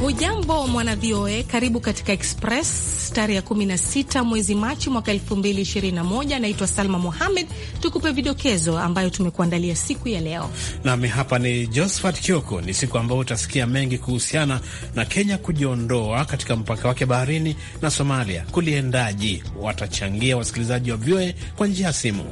Hujambo mwana VOA, karibu katika Express tarehe 16 mwezi Machi mwaka 2021. Anaitwa Salma Mohamed, tukupe vidokezo ambayo tumekuandalia siku ya leo. Nami hapa ni Josephat Kioko. Ni siku ambayo utasikia mengi kuhusiana na Kenya kujiondoa katika mpaka wake baharini na Somalia. Kuliendaji watachangia wasikilizaji wa VOA kwa njia ya simu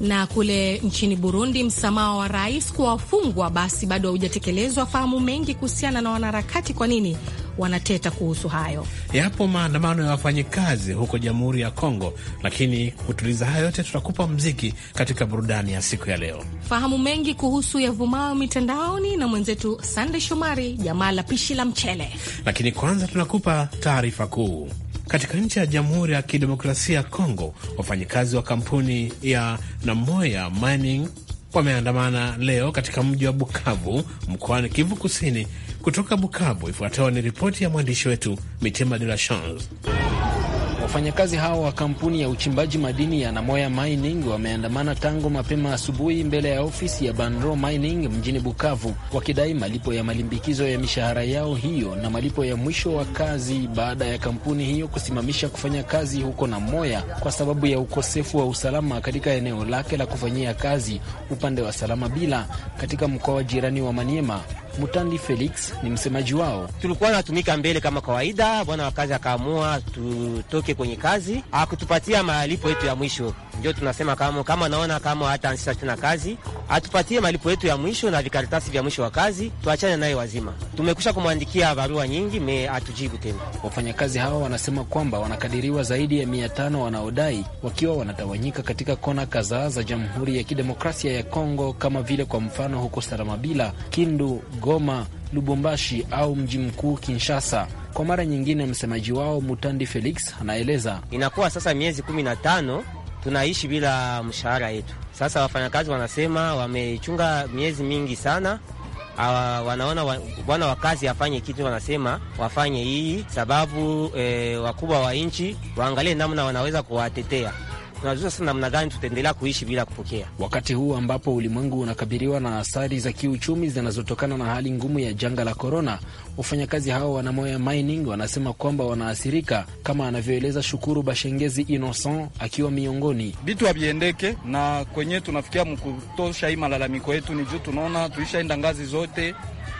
na kule nchini Burundi, msamaha wa rais kwa wafungwa basi bado haujatekelezwa. Fahamu mengi kuhusiana na wanaharakati, kwa nini wanateta kuhusu hayo. Yapo maandamano ya wafanyikazi huko Jamhuri ya Kongo, lakini kutuliza hayo yote, tutakupa mziki katika burudani ya siku ya leo. Fahamu mengi kuhusu yavumayo mitandaoni na mwenzetu sandey Shomari, jamaa la pishi la mchele. Lakini kwanza tunakupa taarifa kuu. Katika nchi ya Jamhuri ya Kidemokrasia ya Kongo, wafanyikazi wa kampuni ya Namoya Mining wameandamana leo katika mji wa Bukavu mkoani Kivu Kusini. Kutoka Bukavu, ifuatayo ni ripoti ya mwandishi wetu Mitima De La Chance. Wafanyakazi hao wa kampuni ya uchimbaji madini ya Namoya Mining wameandamana tangu mapema asubuhi mbele ya ofisi ya Banro Mining mjini Bukavu wakidai malipo ya malimbikizo ya mishahara yao hiyo na malipo ya mwisho wa kazi baada ya kampuni hiyo kusimamisha kufanya kazi huko Namoya kwa sababu ya ukosefu wa usalama katika eneo lake la kufanyia kazi upande wa salama bila katika mkoa jirani wa Maniema. Mutandi Felix ni msemaji wao. Tulikuwa natumika mbele kama kawaida, bwana wa kazi akaamua tutoke kwenye kazi, akutupatia malipo yetu ya mwisho ndio tunasema kama, kama naona kama hataanzisha tena kazi atupatie malipo yetu ya mwisho na vikaratasi vya mwisho wa kazi, tuachane naye wazima. Tumekusha kumwandikia barua nyingi me atujibu tena. Wafanyakazi hawa wanasema kwamba wanakadiriwa zaidi ya mia tano wanaodai wakiwa wanatawanyika katika kona kadhaa za Jamhuri ya Kidemokrasia ya Kongo, kama vile kwa mfano huko Saramabila, Kindu, Goma, Lubumbashi au mji mkuu Kinshasa. Kwa mara nyingine, msemaji wao Mutandi Felix anaeleza inakuwa sasa miezi kumi na tano tunaishi bila mshahara yetu. Sasa wafanyakazi wanasema wamechunga miezi mingi sana Awa, wanaona bwana wa kazi afanye kitu, wanasema wafanye hii sababu e, wakubwa wa nchi waangalie namna wanaweza kuwatetea tunajua sasa namna gani tutaendelea kuishi bila kupokea. Wakati huu ambapo ulimwengu unakabiliwa na athari za kiuchumi zinazotokana na hali ngumu ya janga la korona, wafanyakazi hao wa Namoya Mining wanasema kwamba wanaathirika, kama anavyoeleza Shukuru Bashengezi Innocent akiwa miongoni. Vitu haviendeke na kwenyewe tunafikia mkutosha, hii malalamiko yetu ni juu tunaona tuishaenda ngazi zote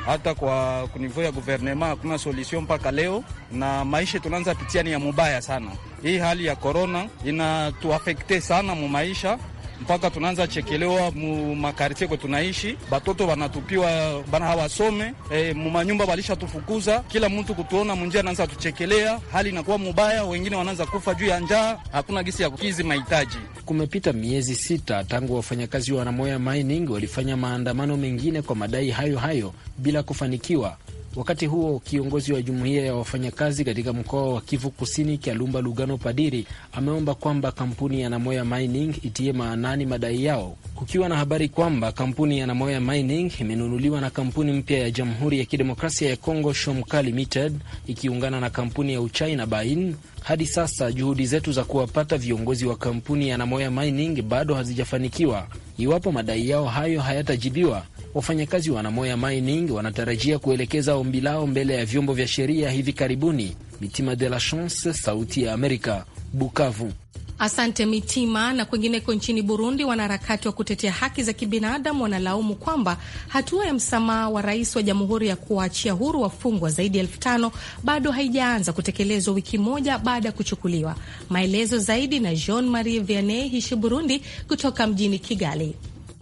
hata kwa kunivou ya guvernema hakuna solution mpaka leo, na maisha tunaanza pitia ni ya mubaya sana. Hii hali ya korona inatuafekte sana mu maisha mpaka tunaanza chekelewa mu makartie ko tunaishi, batoto wanatupiwa bana hawasome e, mumanyumba tufukuza kila mtu kutuona munjia anaanza tuchekelea, hali inakuwa mubaya, wengine wanaanza kufa juu ya njaa, hakuna gisi ya kukizi mahitaji. Kumepita miezi sita tangu wafanyakazi wa Namoya Mining walifanya maandamano mengine kwa madai hayo hayo bila kufanikiwa. Wakati huo kiongozi wa jumuiya ya wafanyakazi katika mkoa wa Kivu Kusini, Kialumba Lugano Padiri, ameomba kwamba kampuni ya Namoya Mining itie maanani madai yao, kukiwa na habari kwamba kampuni ya Namoya Mining imenunuliwa na kampuni mpya ya Jamhuri ya Kidemokrasia ya Kongo, Shomka Limited, ikiungana na kampuni ya Uchina Bain. Hadi sasa juhudi zetu za kuwapata viongozi wa kampuni ya Namoya Mining bado hazijafanikiwa. Iwapo madai yao hayo hayatajibiwa Wafanyakazi wa Namoya Mining wanatarajia kuelekeza ombi lao mbele ya vyombo vya sheria hivi karibuni. Mitima de la Chance, Sauti ya Amerika, Bukavu. Asante Mitima. Na kwingineko nchini Burundi, wanaharakati wa kutetea haki za kibinadamu wanalaumu kwamba hatua ya msamaha wa rais wa jamhuri ya kuwaachia huru wafungwa zaidi ya elfu tano bado haijaanza kutekelezwa wiki moja baada ya kuchukuliwa. Maelezo zaidi na Jean Marie Vianney Hishi Burundi kutoka mjini Kigali.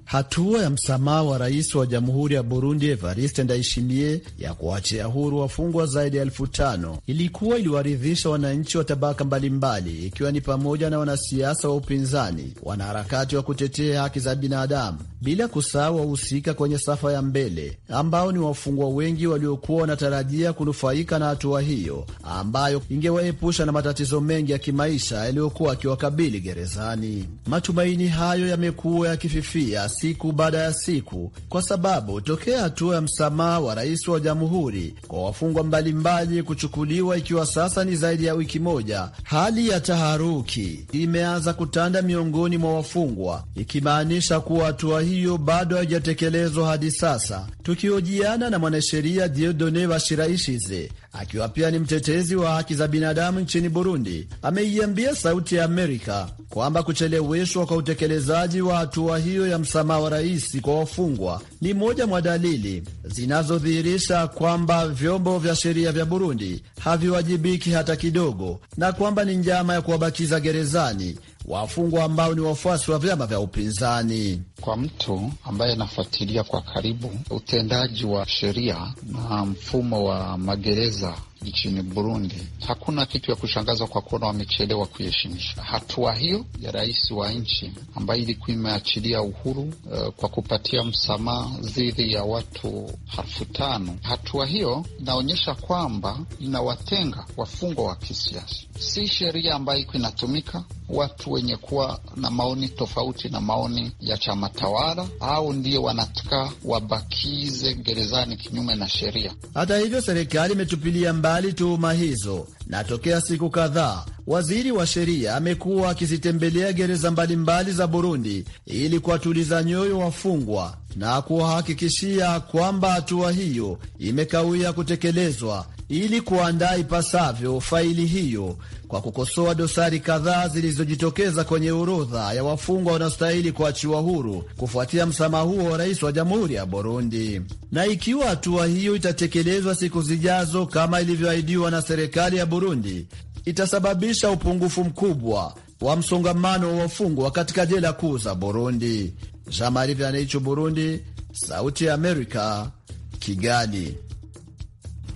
Hatua ya msamaha wa rais wa jamhuri ya Burundi Evariste Ndayishimiye ya kuachia huru wafungwa zaidi ya elfu tano ilikuwa iliwaridhisha wananchi wa tabaka mbalimbali, ikiwa ni pamoja na wanasiasa wa upinzani, wanaharakati wa kutetea haki za binadamu, bila kusahau wahusika kwenye safa ya mbele ambao ni wafungwa wengi waliokuwa wanatarajia kunufaika na hatua hiyo ambayo ingewaepusha na matatizo mengi ya kimaisha yaliyokuwa akiwakabili gerezani. Matumaini hayo yamekuwa yakififia siku baada ya siku, kwa sababu tokea hatua ya msamaha wa rais wa jamhuri kwa wafungwa mbalimbali kuchukuliwa, ikiwa sasa ni zaidi ya wiki moja, hali ya taharuki imeanza kutanda miongoni mwa wafungwa, ikimaanisha kuwa hatua hiyo bado haijatekelezwa hadi sasa. Tukihojiana na mwanasheria Diodone Bashiraishize akiwa pia ni mtetezi wa haki za binadamu nchini Burundi, ameiambia Sauti ya Amerika kwamba kucheleweshwa kwa utekelezaji wa hatua hiyo ya msamaha usalama wa rais kwa wafungwa ni moja mwa dalili zinazodhihirisha kwamba vyombo vya sheria vya Burundi haviwajibiki hata kidogo, na kwamba ni njama ya kuwabakiza gerezani wafungwa ambao ni wafuasi wa vyama vya upinzani. Kwa mtu ambaye anafuatilia kwa karibu utendaji wa sheria na mfumo wa magereza nchini Burundi, hakuna kitu ya kushangaza kwa kuona wamechelewa kuheshimisha hatua hiyo ya rais wa nchi ambayo ilikuwa imeachilia uhuru uh, kwa kupatia msamaha dhidi ya watu elfu tano. Hatua hiyo inaonyesha kwamba inawatenga wafungwa wa kisiasa, si sheria ambayo iko inatumika watu wenye kuwa na maoni tofauti na maoni ya chama tawala, au ndio wanataka wabakize gerezani kinyume na sheria. Hata hivyo, serikali imetupilia mbali tuhuma hizo, na tokea siku kadhaa waziri wa sheria amekuwa akizitembelea gereza mbalimbali mbali za Burundi ili kuwatuliza nyoyo wafungwa na kuwahakikishia kwamba hatua hiyo imekawia kutekelezwa ili kuandaa ipasavyo faili hiyo kwa kukosoa dosari kadhaa zilizojitokeza kwenye orodha ya wafungwa wanaostahili kuachiwa huru kufuatia msamaha huo wa rais wa jamhuri ya Burundi. Na ikiwa hatua hiyo itatekelezwa siku zijazo kama ilivyoahidiwa na serikali ya Burundi, itasababisha upungufu mkubwa wa msongamano wa wafungwa katika jela kuu za Burundi. Jean-Marie Vianney Burundi. Sauti ya Amerika, Kigali.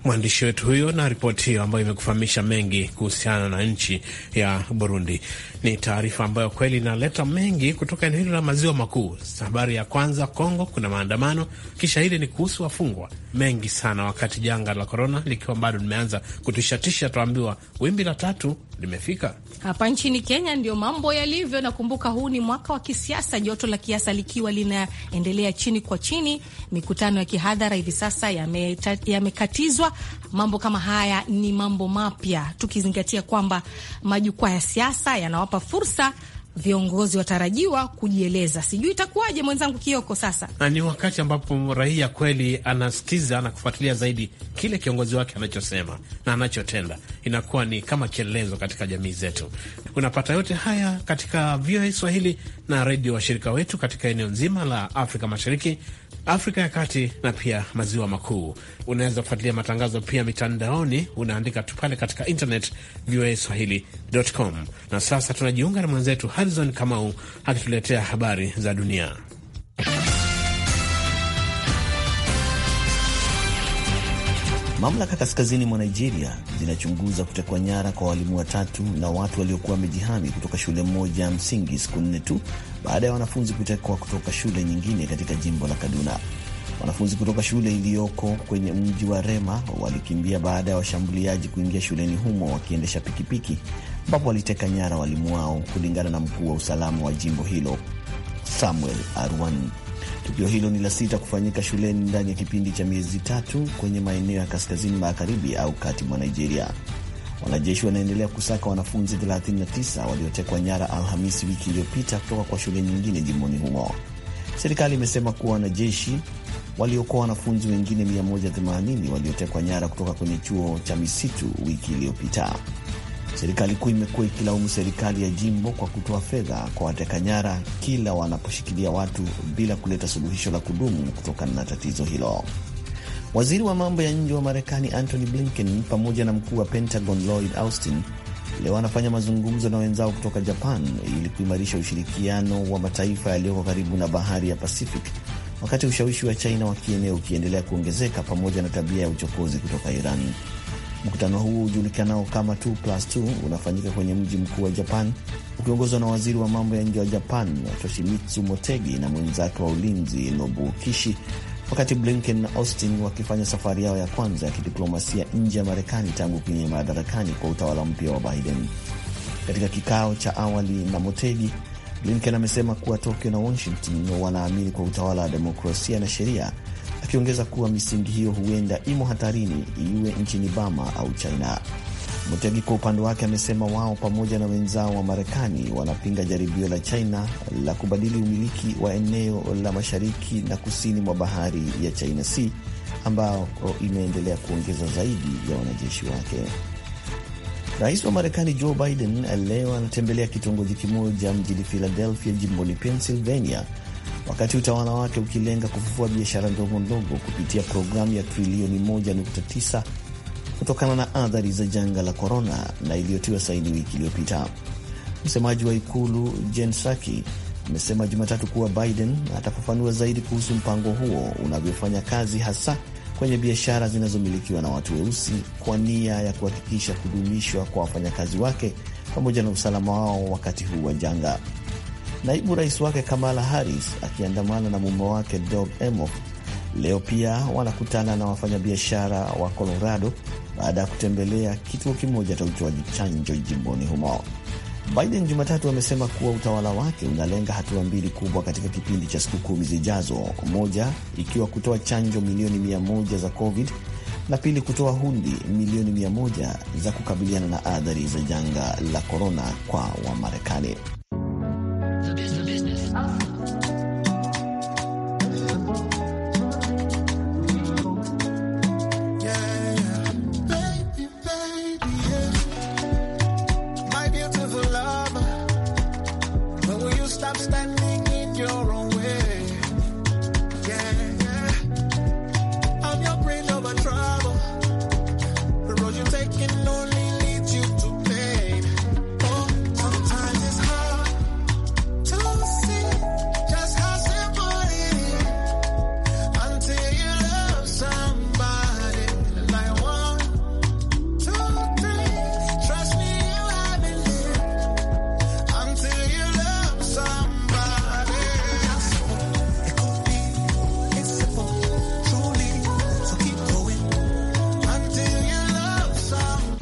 Mwandishi wetu huyo na ripoti hiyo ambayo imekufahamisha mengi kuhusiana na nchi ya Burundi. Ni taarifa ambayo kweli inaleta mengi kutoka eneo hilo la maziwa makuu. Habari ya kwanza, Kongo kuna maandamano, kisha hili ni kuhusu wafungwa mengi sana, wakati janga la korona likiwa bado limeanza kutishatisha. Tuambiwa wimbi la tatu limefika hapa nchini Kenya. Ndio mambo yalivyo. Nakumbuka huu ni mwaka wa kisiasa, joto la kiasa likiwa linaendelea chini kwa chini. Mikutano ya kihadhara hivi sasa yamekatizwa. Yame mambo kama haya ni mambo mapya, tukizingatia kwamba majukwaa ya siasa yanawapa fursa viongozi watarajiwa kujieleza. Sijui itakuwaje mwenzangu Kioko. Sasa na ni wakati ambapo raia kweli anasikiza na kufuatilia zaidi kile kiongozi wake anachosema na anachotenda, inakuwa ni kama kielelezo katika jamii zetu. Unapata yote haya katika VOA Swahili na redio washirika wetu katika eneo nzima la Afrika Mashariki Afrika ya Kati na pia Maziwa Makuu. Unaweza kufuatilia matangazo pia mitandaoni, unaandika tu pale katika internet VOA swahili.com. Na sasa tunajiunga na mwenzetu Harrison Kamau akituletea habari za dunia. Mamlaka kaskazini mwa Nigeria zinachunguza kutekwa nyara kwa walimu watatu na watu waliokuwa wamejihami kutoka shule moja ya msingi siku nne tu baada ya wanafunzi kutekwa kutoka shule nyingine katika jimbo la Kaduna. Wanafunzi kutoka shule iliyoko kwenye mji wa Rema walikimbia baada ya washambuliaji kuingia shuleni humo wakiendesha pikipiki, ambapo waliteka nyara walimu wao, kulingana na mkuu wa usalama wa jimbo hilo Samuel Arwani. Tukio hilo ni la sita kufanyika shuleni ndani ya kipindi cha miezi tatu kwenye maeneo ya kaskazini magharibi au kati mwa Nigeria. Wanajeshi wanaendelea kusaka wanafunzi 39 waliotekwa nyara Alhamisi wiki iliyopita kutoka kwa shule nyingine jimboni humo. Serikali imesema kuwa wanajeshi waliokoa wanafunzi wengine 180 waliotekwa nyara kutoka kwenye chuo cha misitu wiki iliyopita. Serikali kuu imekuwa ikilaumu serikali ya jimbo kwa kutoa fedha kwa wateka nyara kila wanaposhikilia watu bila kuleta suluhisho la kudumu kutokana na tatizo hilo. Waziri wa mambo ya nje wa Marekani Antony Blinken pamoja na mkuu wa Pentagon Lloyd Austin leo wanafanya mazungumzo na wenzao kutoka Japan ili kuimarisha ushirikiano wa mataifa yaliyoko karibu na bahari ya Pacific, wakati ushawishi wa China wa kieneo ukiendelea kuongezeka pamoja na tabia ya uchokozi kutoka Iran. Mkutano huu ujulikanao kama 2 unafanyika kwenye mji mkuu wa Japan, ukiongozwa na waziri wa mambo ya nje wa Japan Toshimitsu Motegi na mwenzake wa ulinzi Nobuo Kishi, wakati Blinken na Austin wakifanya safari yao ya kwanza ya kidiplomasia nje ya Marekani tangu kwenye madarakani kwa utawala mpya wa Biden. Katika kikao cha awali na Motegi, Blinken amesema kuwa Tokyo na Washington wanaamini kwa utawala wa demokrasia na sheria akiongeza kuwa misingi hiyo huenda imo hatarini iwe nchini Bama au China. Mutegi kwa upande wake amesema wao pamoja na wenzao wa Marekani wanapinga jaribio la China la kubadili umiliki wa eneo la mashariki na kusini mwa bahari ya China Sea ambao imeendelea kuongeza zaidi ya wanajeshi wake. Rais wa Marekani Joe Biden leo anatembelea kitongoji kimoja mjini Philadelphia, jimboni Pennsylvania, wakati utawala wake ukilenga kufufua biashara ndogo ndogo kupitia programu ya trilioni 1.9 kutokana na athari za janga la korona na iliyotiwa saini wiki iliyopita. Msemaji wa ikulu Jen Psaki amesema Jumatatu kuwa Biden atafafanua zaidi kuhusu mpango huo unavyofanya kazi, hasa kwenye biashara zinazomilikiwa na watu weusi, kwa nia ya kuhakikisha kudumishwa kwa wafanyakazi wake pamoja na usalama wao wakati huu wa janga. Naibu rais wake Kamala Harris akiandamana na mume wake Doug Emhoff leo pia wanakutana na wafanyabiashara wa Colorado baada ya kutembelea kituo kimoja cha utoaji chanjo jimboni humo. Biden Jumatatu amesema kuwa utawala wake unalenga hatua mbili kubwa katika kipindi cha siku kumi zijazo, moja ikiwa kutoa chanjo milioni mia moja za COVID na pili kutoa hundi milioni mia moja za kukabiliana na athari za janga la korona kwa Wamarekani. Awesome.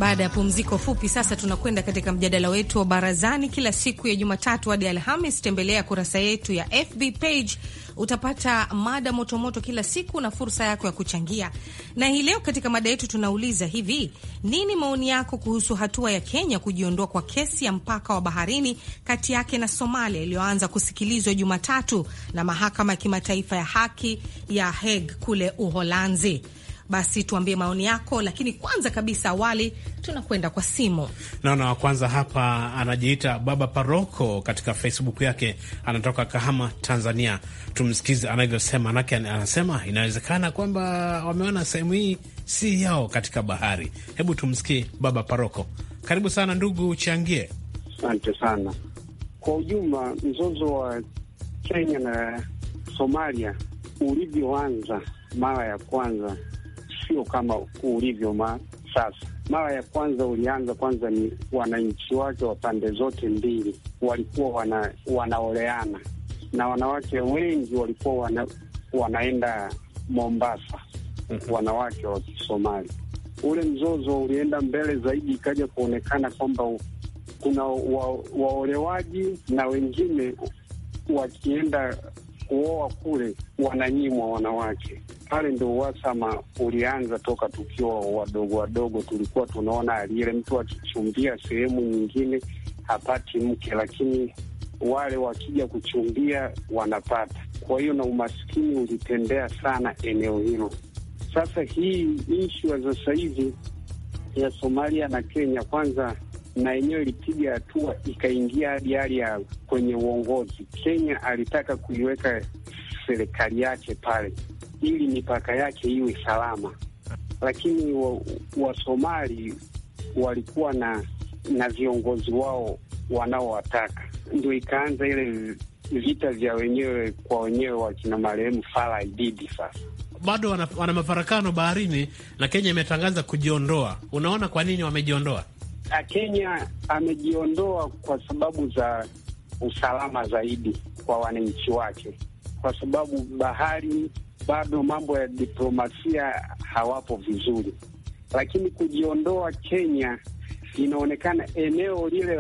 Baada ya pumziko fupi, sasa tunakwenda katika mjadala wetu wa barazani. Kila siku ya Jumatatu hadi Alhamis, tembelea kurasa yetu ya FB page utapata mada motomoto moto kila siku na fursa yako ya kuchangia. Na hii leo katika mada yetu tunauliza hivi, nini maoni yako kuhusu hatua ya Kenya kujiondoa kwa kesi ya mpaka wa baharini kati yake na Somalia iliyoanza kusikilizwa Jumatatu na mahakama ya kimataifa ya haki ya Hague kule Uholanzi? basi tuambie maoni yako, lakini kwanza kabisa awali tunakwenda kwa simu. Naona wa kwanza hapa anajiita Baba Paroko katika Facebook yake, anatoka Kahama, Tanzania. Tumsikize anavyosema, nake anasema inawezekana kwamba wameona sehemu hii si yao katika bahari. Hebu tumsikie Baba Paroko. Karibu sana ndugu, uchangie. Asante sana. Kwa ujumla, mzozo wa Kenya na Somalia ulivyoanza mara ya kwanza sio kama ulivyo ma sasa. Mara ya kwanza ulianza kwanza, ni wananchi wake wa pande zote mbili walikuwa wana, wanaoleana na wanawake wengi walikuwa wana, wanaenda Mombasa, mhm. wanawake wa Kisomali. Ule mzozo ulienda mbele zaidi, ikaja kuonekana kwamba kuna wa, waolewaji na wengine wakienda kuoa kule wananyimwa wanawake pale ndo uhasama ulianza toka tukiwa wadogo wadogo. Tulikuwa tunaona ile mtu akichumbia sehemu nyingine hapati mke, lakini wale wakija kuchumbia wanapata. Kwa hiyo na umaskini ulitembea sana eneo hilo. Sasa hii nchi za sasa hivi ya Somalia na Kenya, kwanza na yenyewe ilipiga hatua ikaingia hadi hali ya kwenye uongozi. Kenya alitaka kuiweka serikali yake pale ili mipaka yake iwe salama, lakini Wasomali wa walikuwa na na viongozi wao wanaowataka, ndio ikaanza ile vita vya wenyewe kwa wenyewe wakina marehemu Fala Ididi. Sasa bado wana, wana mafarakano baharini na Kenya imetangaza kujiondoa. Unaona kwa nini wamejiondoa? Kenya amejiondoa kwa sababu za usalama zaidi kwa wananchi wake, kwa sababu bahari bado mambo ya diplomasia hawapo vizuri, lakini kujiondoa Kenya inaonekana eneo lile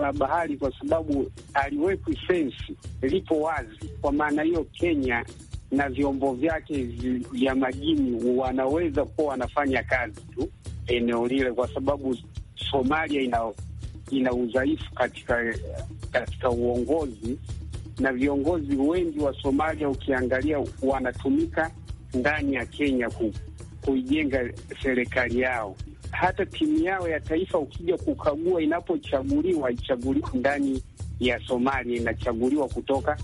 la bahari, kwa sababu aliwekwi fensi, lipo wazi. Kwa maana hiyo, Kenya na vyombo vyake vya majini wanaweza kuwa wanafanya kazi tu eneo lile, kwa sababu Somalia ina, ina udhaifu katika, katika uongozi na viongozi wengi wa Somalia ukiangalia wanatumika ndani ya Kenya ku, kuijenga serikali yao. Hata timu yao ya taifa ukija kukagua, inapochaguliwa haichaguliwi ndani ya Somalia, inachaguliwa kutoka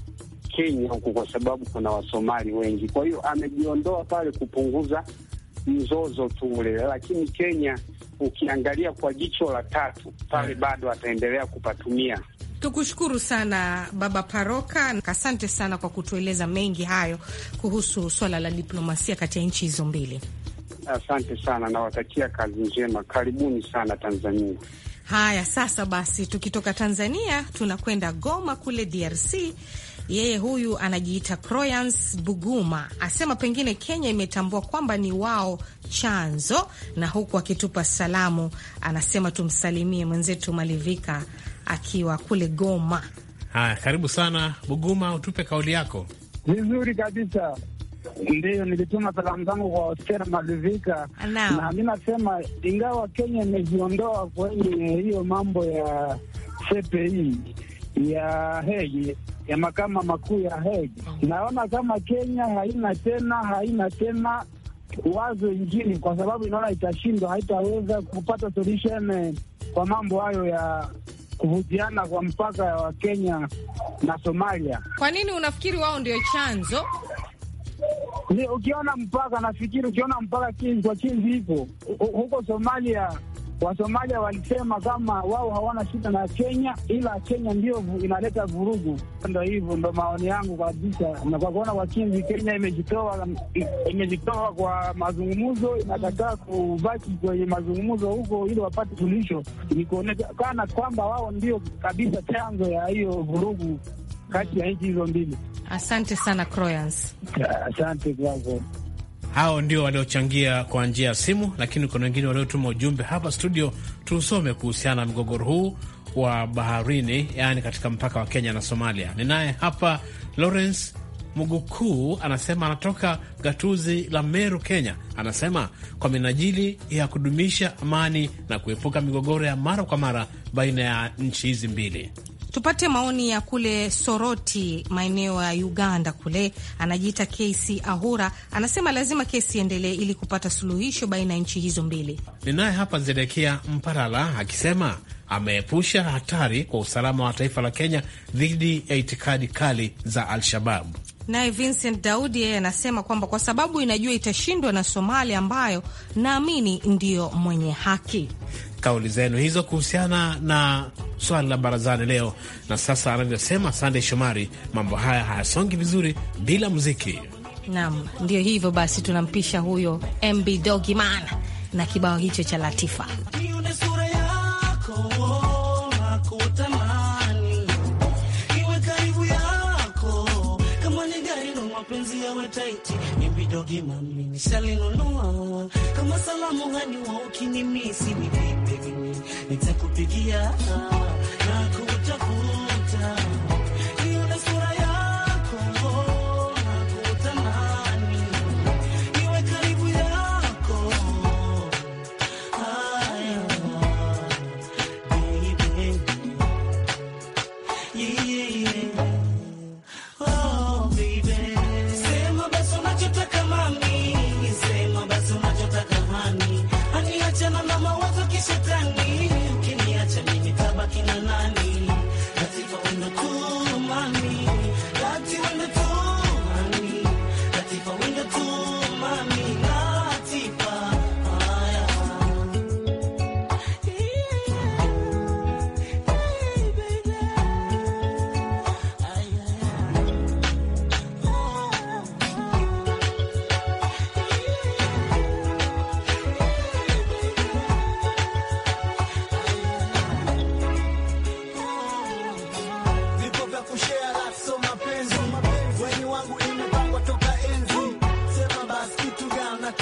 Kenya huku, kwa sababu kuna Wasomali wengi. Kwa hiyo amejiondoa pale kupunguza mzozo tu ule, lakini Kenya ukiangalia kwa jicho la tatu pale mm. bado ataendelea kupatumia Tukushukuru sana Baba Paroka, asante sana kwa kutueleza mengi hayo kuhusu swala la diplomasia kati ya nchi hizo mbili. Asante sana, nawatakia kazi njema. Karibuni sana Tanzania. Haya, sasa basi, tukitoka Tanzania tunakwenda Goma kule DRC. Yeye huyu anajiita Croyans Buguma, asema pengine Kenya imetambua kwamba ni wao chanzo, na huku akitupa salamu anasema tumsalimie mwenzetu Malivika akiwa kule Goma. Haya, karibu sana Buguma, utupe kauli yako. Vizuri kabisa. Ndiyo, nilituma salamu zangu kwa Ostera Malivika na, na mi nasema ingawa Kenya imejiondoa kwenye hiyo mambo ya CPI e, ya Hegi ya makama makuu ya oh. naona kama Kenya haina tena haina tena wazo ingine, kwa sababu inaona itashindwa, haitaweza kupata solution kwa mambo hayo ya kuhusiana kwa mpaka wa Kenya na Somalia. Kwa nini unafikiri wao ndio chanzo? ukiona mpaka, nafikiri ukiona mpaka kwa Kindu hipo huko Somalia Wasomalia walisema kama wao hawana shida na Kenya, ila Kenya ndio inaleta vurugu. Ndo hivyo, ndo maoni yangu kabisa, na kwa kuona wakinzi, Kenya imejitoa imejitoa kwa mazungumzo, inakataa kubaki kwenye mazungumzo huko ili wapate suluhisho. Ni kuonekana kwamba wao ndio kabisa chanzo ya hiyo vurugu kati ya nchi hizo mbili. Asante sana Croyance, asante kwako. Hao ndio waliochangia kwa njia ya simu, lakini kuna wengine waliotuma ujumbe hapa studio tuusome kuhusiana na mgogoro huu wa baharini, yaani katika mpaka wa Kenya na Somalia. Ninaye hapa Lawrence Mugukuu anasema anatoka gatuzi la Meru, Kenya. Anasema kwa minajili ya kudumisha amani na kuepuka migogoro ya mara kwa mara baina ya nchi hizi mbili, Tupate maoni ya kule Soroti, maeneo ya Uganda kule. Anajiita Kesi Ahura, anasema lazima kesi iendelee ili kupata suluhisho baina ya nchi hizo mbili. Ninaye hapa Zedekia Mparala akisema ameepusha hatari kwa usalama wa taifa la Kenya dhidi ya itikadi kali za al shabab Naye Vincent Daudi yeye anasema kwamba kwa sababu inajua itashindwa na Somalia ambayo naamini ndiyo mwenye haki. Kauli zenu hizo kuhusiana na swali la barazani leo. Na sasa anavyosema Sandey Shomari, mambo haya hayasongi vizuri bila muziki. Naam, ndio hivyo basi, tunampisha huyo MB Dogiman na kibao hicho cha Latifa. mapenzi yawe taiti, nimidoge mami nishalinunua, kama salamu hani wa ukinimisi, ni vipi nitakupigia na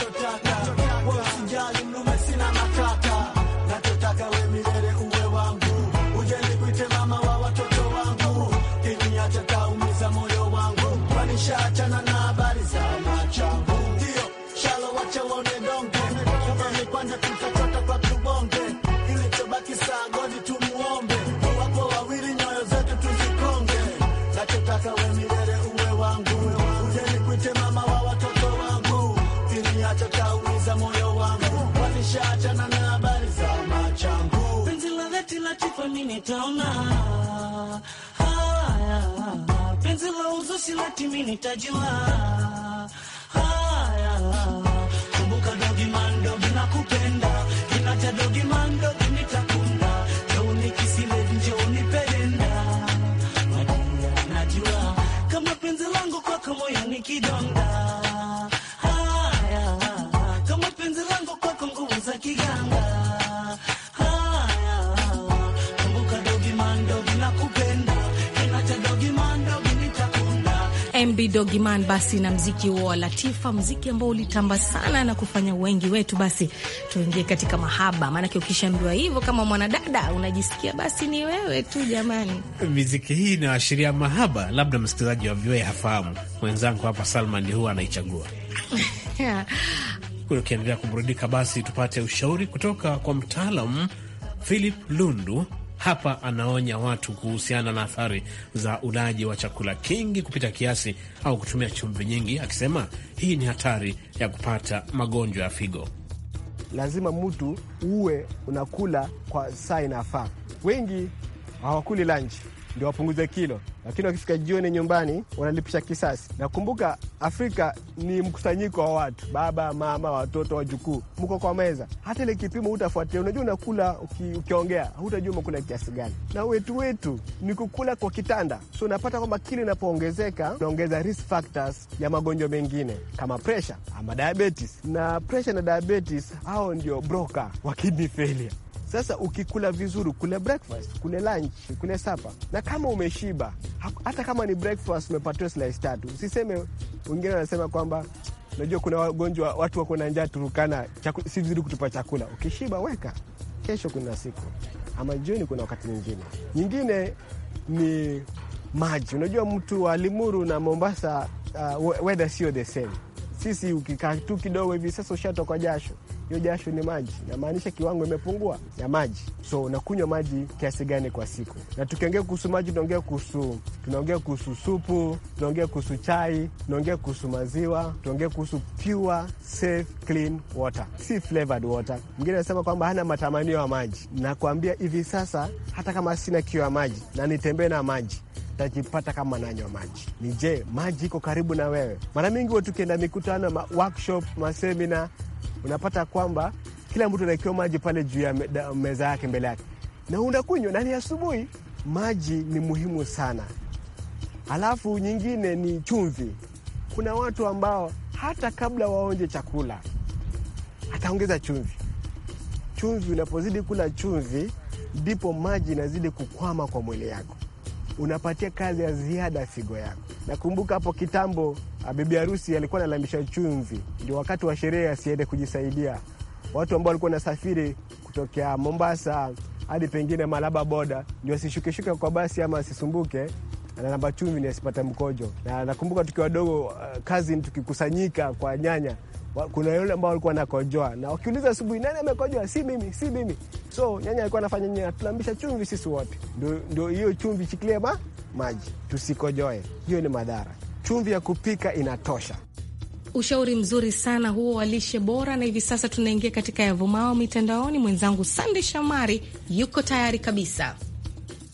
your it. kwa nini taona haya penzi la uzushi lati mimi nitajua haya kumbuka dogi mando nakupenda kinacha dogi mando nitakunda joni kisile njoni pelenda najua kama penzi langu kwako moyo nikidonda Dogi Man basi na mziki wa Latifa, mziki ambao ulitamba sana na kufanya wengi wetu basi tuingie katika mahaba, maanake ukishaambiwa hivyo kama mwanadada unajisikia basi ni wewe tu jamani. Miziki hii inaashiria mahaba, labda msikilizaji wa VOA hafahamu. Mwenzangu hapa Salman huwa anaichagua yeah. Ukiendelea kuburudika, basi tupate ushauri kutoka kwa mtaalam Philip Lundu hapa anaonya watu kuhusiana na athari za ulaji wa chakula kingi kupita kiasi au kutumia chumvi nyingi, akisema hii ni hatari ya kupata magonjwa ya figo. Lazima mtu uwe unakula kwa saa inafaa. Wengi hawakuli lunch ndio wapunguze kilo, lakini wakifika jioni nyumbani wanalipisha kisasi. nakumbuka Afrika ni mkusanyiko wa watu, baba, mama, watoto, wajukuu, mko kwa meza. Hata ile kipimo hutafuatia, unajua unakula uki, ukiongea hutajua umekula kiasi gani. Na wetu wetu ni kukula kwa kitanda, so unapata kwamba kilo inapoongezeka unaongeza risk factors ya magonjwa mengine kama presha ama diabetes, na presha na diabetes hao ndio broka wa kidney failure. Sasa ukikula vizuri, kule breakfast, kule lunch, kule sapa, na kama umeshiba, hata kama ni breakfast umepatiwa slice tatu, usiseme. Wengine wanasema kwamba unajua, kuna wagonjwa, watu wako na njaa Turukana, si vizuri kutupa chakula. Ukishiba weka kesho, kuna siku ama jioni, kuna wakati mwingine. Nyingine ni maji. Unajua, mtu wa Limuru na Mombasa, uh, weather sio the same. Sisi ukikaa tu kidogo hivi sasa ushatoka jasho hiyo jasho ni maji, namaanisha kiwango imepungua ya maji. So unakunywa maji kiasi gani kwa siku? Na tukiongea kuhusu maji, tunaongea kuhusu tunaongea kuhusu supu, tunaongea kuhusu chai, tunaongea kuhusu maziwa, tunaongea kuhusu pure safe clean water, si flavored water. Mwingine anasema kwamba hana matamanio ya maji. Nakwambia hivi sasa, hata kama sina kiu ya maji na nitembee na maji tajipata kama nanywa maji. Ni je, maji iko karibu na wewe? Mara mingi huwa tukienda mikutano, ma workshop, masemina unapata kwamba kila mtu anaekiwa maji pale juu ya meza yake mbele yake, na unakunywa nani asubuhi. Maji ni muhimu sana. Alafu nyingine ni chumvi. Kuna watu ambao hata kabla waonje chakula ataongeza chumvi. Chumvi, unapozidi kula chumvi, ndipo maji inazidi kukwama kwa mwili yako unapatia kazi ya ziada figo yako. Nakumbuka hapo kitambo ah, bibi harusi alikuwa analambisha chumvi, ndio wakati wa sherehe asiende kujisaidia. Watu ambao walikuwa wanasafiri kutokea Mombasa hadi pengine Malaba boda, ndio asishukeshuke kwa basi ama asisumbuke na chumvi ni asipate mkojo. Na nakumbuka tukiwa wadogo, uh, ah, kazi tukikusanyika kwa nyanya, kuna yule ambao walikuwa wanakojoa na wakiuliza asubuhi, nani amekojoa? Si mimi, si mimi. So nyanya alikuwa anafanya nini? Anatulambisha chumvi sisi wote, ndio hiyo chumvi chikilie ma maji, tusikojoe. Hiyo ni madhara, chumvi ya kupika inatosha. Ushauri mzuri sana huo wa lishe bora, na hivi sasa tunaingia katika yavumao mitandaoni. Mwenzangu Sande Shamari yuko tayari kabisa.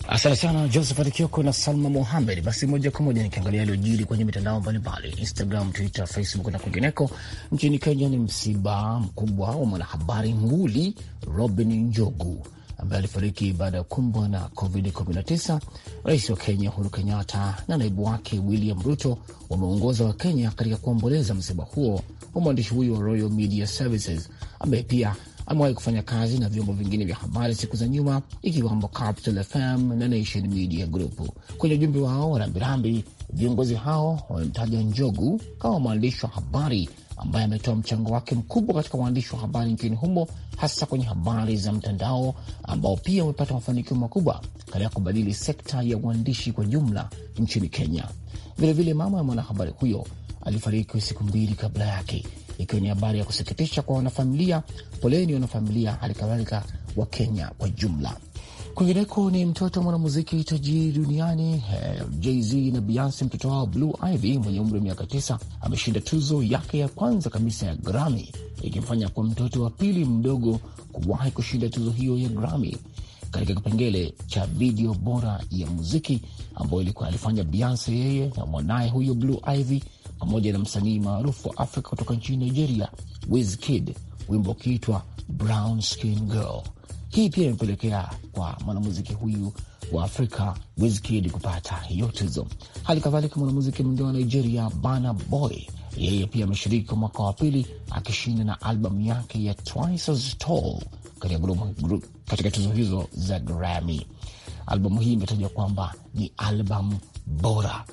Asante sana Josephat Kioko na Salma muhamed Basi moja kwa moja nikiangalia yaliyojiri kwenye mitandao mbalimbali, Instagram, Twitter, Facebook na kwingineko. Nchini Kenya ni msiba mkubwa wa mwanahabari nguli Robin Njogu ambaye alifariki baada ya kukumbwa na COVID-19. Rais wa Kenya Uhuru Kenyatta na naibu wake William Ruto wameongoza wa Kenya katika kuomboleza msiba huo wa mwandishi huyo wa Royal Media Services ambaye pia Amewahi kufanya kazi na vyombo vingine vya habari siku za nyuma, ikiwamo Capital FM na Nation Media Group. Kwenye ujumbe wao wa rambirambi, viongozi hao wamemtaja Njogu kama mwandishi wa habari ambaye ametoa mchango wake mkubwa katika waandishi wa habari nchini humo, hasa kwenye habari za mtandao, ambao pia umepata mafanikio makubwa katika kubadili sekta ya uandishi kwa jumla nchini Kenya. Vilevile vile mama ya mwanahabari huyo alifariki siku mbili kabla yake ikiwa ni habari ya kusikitisha kwa wanafamilia. Poleni wanafamilia, kadhalika wa Kenya kwa jumla. Kwingineko ni mtoto mwanamuziki tajiri duniani eh, Jay-Z na Beyonce, mtoto wao Blue Ivy mwenye umri wa miaka tisa ameshinda tuzo yake ya kwanza kabisa ya Grammy, ikimfanya kuwa mtoto wa pili mdogo kuwahi kushinda tuzo hiyo ya Grammy katika kipengele cha video bora ya muziki ambayo ilikuwa alifanya Beyonce yeye na mwanaye huyo Blue Ivy pamoja na msanii maarufu wa Afrika kutoka nchini Nigeria, Wizkid, wimbo ukiitwa Brown Skin Girl. Hii pia imepelekea kwa mwanamuziki huyu wa Afrika Wizkid kupata hiyo tuzo. Hali kadhalika mwanamuziki mwingine wa Nigeria, Burna Boy, yeye pia ameshiriki kwa mwaka wa pili akishinda na albamu yake ya Twice as Tall katika katika tuzo hizo za Grammy. Albamu hii imetajwa kwamba ni albamu bora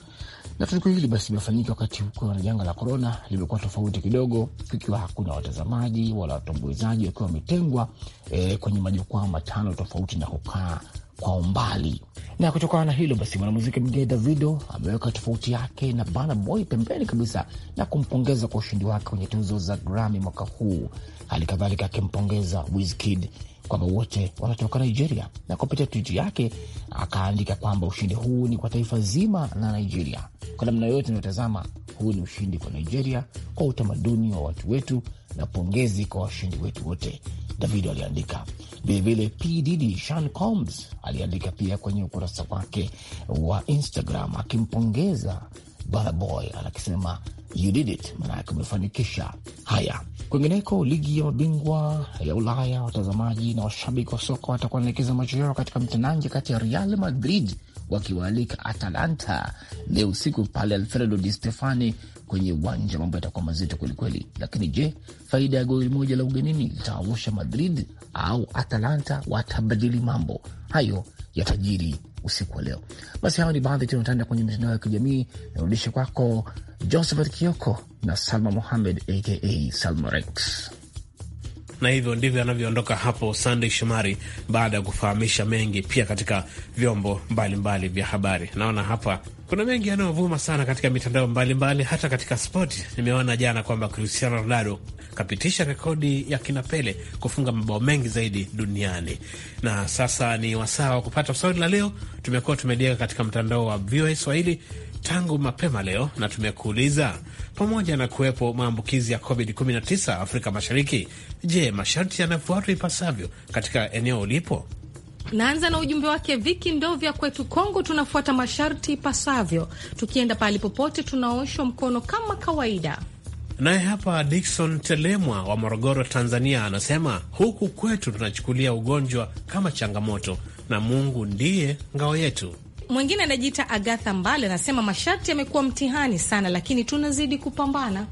na tukio hili basi limefanyika wakati kukiwa na janga la korona, limekuwa tofauti kidogo, kukiwa hakuna watazamaji wala watumbuizaji wakiwa wametengwa e, kwenye majukwaa matano tofauti na kukaa kwa umbali. Na kutokana na hilo basi, mwanamuziki mgeni Davido ameweka tofauti yake na Bana Boy pembeni kabisa na kumpongeza kwa ushindi wake kwenye tuzo za Grammy mwaka huu, hali kadhalika akimpongeza Wizkid kwamba wote wanatoka Nigeria, na kupitia twiti yake akaandika kwamba ushindi huu ni kwa taifa zima la Nigeria. Kwa namna yoyote inayotazama, huu ni ushindi kwa Nigeria, kwa utamaduni wa watu wetu, na pongezi kwa washindi wetu wote, David aliandika. Vilevile PDD Sean Combs aliandika pia kwenye ukurasa wake wa Instagram akimpongeza Baraboy anakisema you did it, maanake umefanikisha haya. Kwingineko, ligi ya mabingwa ya Ulaya, watazamaji na washabiki wa soka watakuwa wanaelekeza macho yao katika mtanange kati ya Real Madrid wakiwaalika Atalanta leo usiku pale Alfredo Di Stefani kwenye uwanja. Mambo yatakuwa mazito kwelikweli, lakini je, faida ya goli moja la ugenini litawaosha Madrid au Atalanta watabadili mambo? Hayo yatajiri usiku wa leo. Basi hayo ni baadhi tunatanda kwenye mitandao ya kijamii. Narudisha kwako Josephat Kioko na Salma muhamed aka Salmorex na hivyo ndivyo anavyoondoka hapo sandey Shomari baada ya kufahamisha mengi pia katika vyombo mbalimbali vya habari. Naona hapa kuna mengi yanayovuma sana katika mitandao mbalimbali mbali, hata katika spoti nimeona jana kwamba Cristiano Ronaldo kapitisha rekodi ya kinapele kufunga mabao mengi zaidi duniani. Na sasa ni wasaa wa kupata swali la leo, tumekuwa tumelieka katika mtandao wa VOA Swahili tangu mapema leo na tumekuuliza pamoja na kuwepo maambukizi ya COVID-19 Afrika Mashariki, je, masharti yanafuatwa ipasavyo katika eneo ulipo? Naanza na ujumbe wake Viki Ndovya kwetu Kongo. Tunafuata masharti ipasavyo, tukienda pahali popote tunaoshwa mkono kama kawaida. Naye hapa Dikson Telemwa wa Morogoro, Tanzania, anasema huku kwetu tunachukulia ugonjwa kama changamoto na Mungu ndiye ngao yetu. Mwingine anajiita Agatha Mbale, anasema masharti yamekuwa mtihani sana, lakini tunazidi kupambana.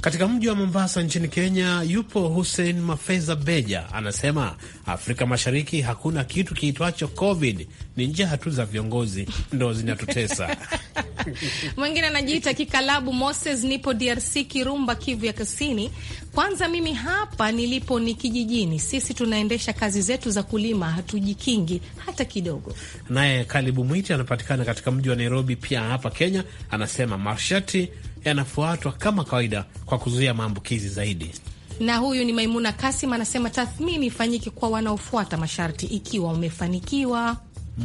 Katika mji wa Mombasa nchini Kenya yupo Hussein Mafeza Beja, anasema Afrika Mashariki hakuna kitu kiitwacho COVID, ni njaa tu za viongozi ndo zinatutesa. Mwingine anajiita Kikalabu Moses, nipo DRC, Kirumba, Kivu ya Kusini. Kwanza mimi hapa nilipo ni kijijini, sisi tunaendesha kazi zetu za kulima, hatujikingi hata kidogo. Naye Kalibu Mwiti anapatikana katika mji wa Nairobi, pia hapa Kenya, anasema marshati yanafuatwa kama kawaida kwa kuzuia maambukizi zaidi. Na huyu ni Maimuna Kasim anasema tathmini ifanyike kwa wanaofuata masharti ikiwa umefanikiwa.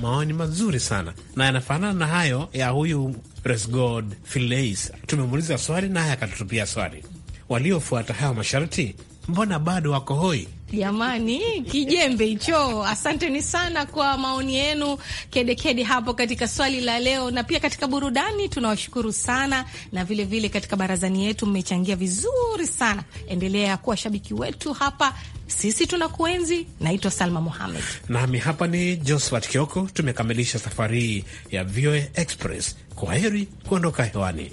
Maoni mazuri sana na yanafanana na hayo ya huyu Resgod Fileis. Tumemuuliza swali naye akatutupia swali, waliofuata hayo masharti mbona bado wako hoi? Jamani, kijembe hicho. Asanteni sana kwa maoni yenu kedekede hapo katika swali la leo, na pia katika burudani. Tunawashukuru sana na vilevile vile katika barazani yetu, mmechangia vizuri sana. Endelea kuwa shabiki wetu hapa, sisi tuna kuenzi Naitwa Salma Muhamed nami hapa ni Josphat Kioko. Tumekamilisha safari hii ya VOA Express. Kwa heri kuondoka hewani.